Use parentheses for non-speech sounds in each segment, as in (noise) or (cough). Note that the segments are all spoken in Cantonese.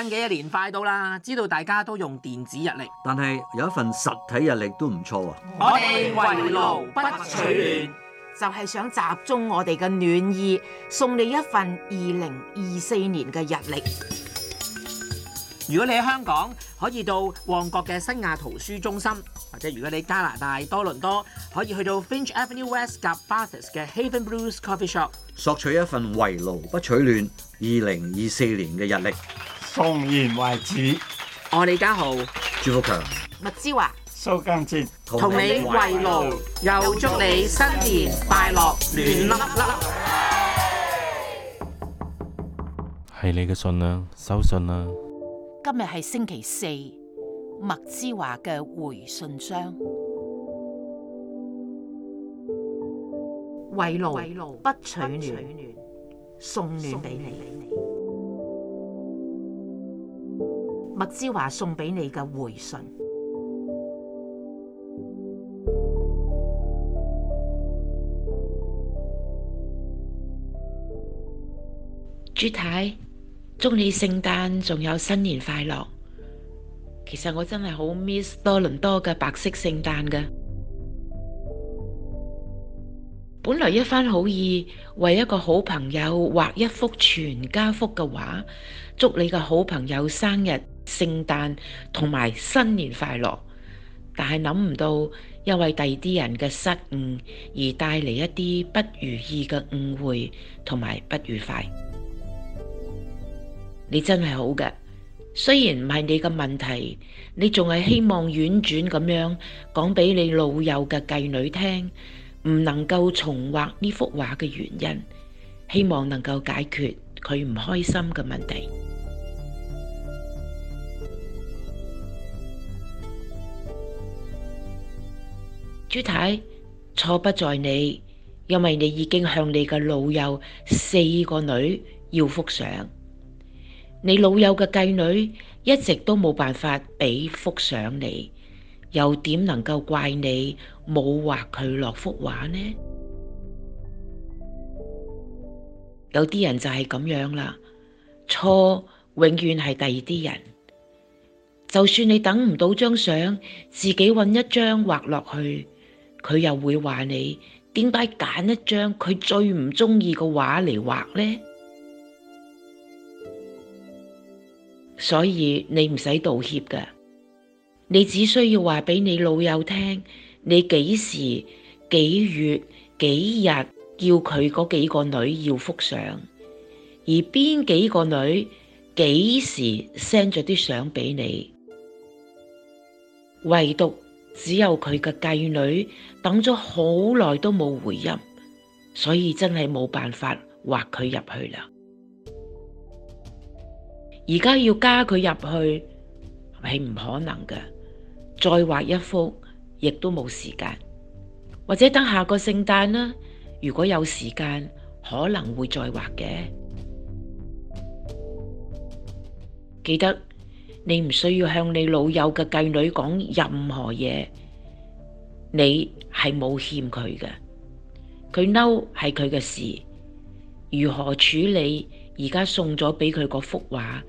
新嘅一年快到啦，知道大家都用電子日曆，但係有一份實體日曆都唔錯啊！我哋圍爐不取暖，就係想集中我哋嘅暖意，送你一份二零二四年嘅日曆。如果你喺香港，可以到旺角嘅新亞圖書中心，或者如果你加拿大多倫多，可以去到 Finch Avenue West 加 Bathurst 嘅 Haven Blues Coffee Shop，索取一份圍爐不取暖二零二四年嘅日曆。同言為止，我李家豪，朱福強，麥之華，蘇更節，同你圍爐，又祝你新年快樂，暖粒粒。係你嘅信啊，收信啦。今日係星期四，麥之華嘅回信箱，圍爐不取暖，送暖俾你。麥之華送畀你嘅回信，朱太，祝你聖誕，仲有新年快樂。其實我真係好 miss 多倫多嘅白色聖誕噶。本來一番好意，為一個好朋友畫一幅全家福嘅畫，祝你嘅好朋友生日、聖誕同埋新年快樂。但係諗唔到，因為第二啲人嘅失誤而帶嚟一啲不如意嘅誤會同埋不愉快。你真係好嘅，雖然唔係你嘅問題，你仲係希望婉轉咁樣講俾你老友嘅繼女聽。唔能夠重畫呢幅畫嘅原因，希望能夠解決佢唔開心嘅問題。 (music) 朱太，錯不在你，因為你已經向你嘅老友四個女要幅相，你老友嘅繼女一直都冇辦法俾幅相你。又點能夠怪你冇畫佢落幅畫呢？有啲人就係咁樣啦，錯，永遠係第二啲人。就算你等唔到張相，自己搵一張畫落去，佢又會話你點解揀一張佢最唔中意嘅畫嚟畫呢？所以你唔使道歉噶。你只需要話俾你老友聽，你幾時幾月幾日叫佢嗰幾個女要覆相，而邊幾個女幾時 send 咗啲相俾你，唯獨只有佢嘅繼女等咗好耐都冇回音，所以真係冇辦法畫佢入去啦。而家要加佢入去係唔可能嘅。再畫一幅，亦都冇時間，或者等下個聖誕啦。如果有時間，可能會再畫嘅。記得你唔需要向你老友嘅繼女講任何嘢，你係冇欠佢嘅。佢嬲係佢嘅事，如何處理而家送咗畀佢嗰幅畫，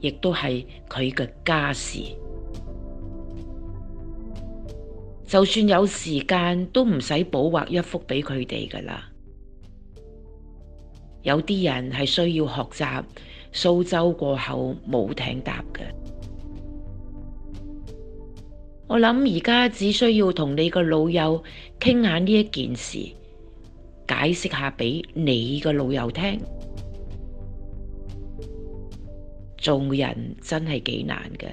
亦都係佢嘅家事。就算有時間，都唔使補畫一幅畀佢哋㗎喇。有啲人係需要學習蘇州過後冇艇搭嘅。我諗而家只需要同你個老友傾下呢一件事，解釋一下畀你個老友聽。做人真係幾難㗎。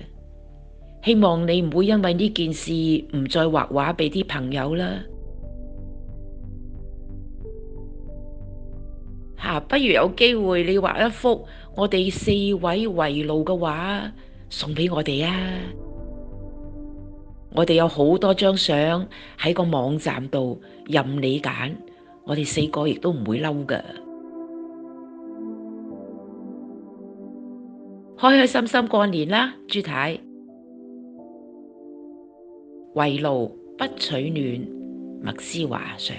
希望你唔會因為呢件事唔再畫畫俾啲朋友啦。啊，不如有機會你畫一幅我哋四位圍爐嘅畫送俾我哋啊！我哋有好多張相喺個網站度任你揀，我哋四個亦都唔會嬲㗎。開開心心過年啦，朱太。圍爐不取暖，麥之華上。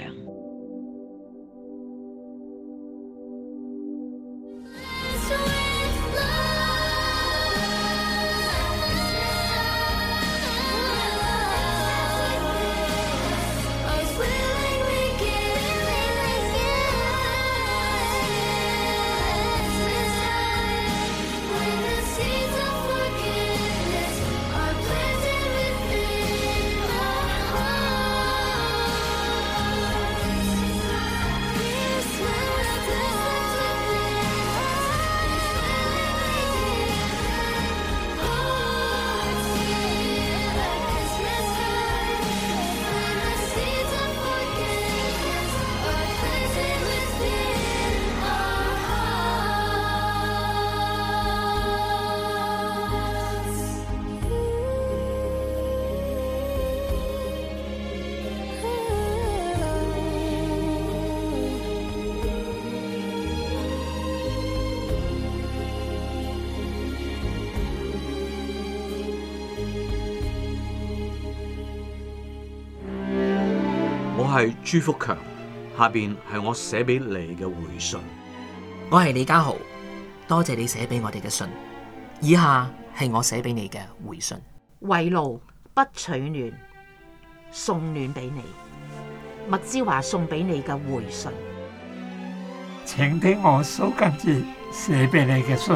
係朱福強，下邊係我寫俾你嘅回信。我係李家豪，多謝你寫俾我哋嘅信，以下係我寫俾你嘅回信。為奴不取暖，送暖俾你。麥之華送俾你嘅回信，請聽我數跟住，寫俾你嘅信。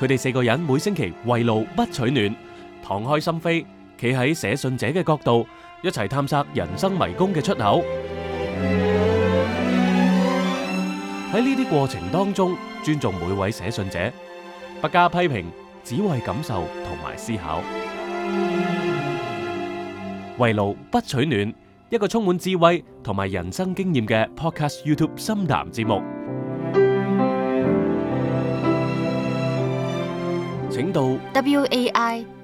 佢哋四個人每星期為奴不取暖，敞開心扉。企喺寫信者嘅角度，一齊探索人生迷宮嘅出口。喺呢啲過程當中，尊重每位寫信者，不加批評，只為感受同埋思考。為爐不取暖，一個充滿智慧同埋人生經驗嘅 Podcast YouTube 深談節目，請到 WAI。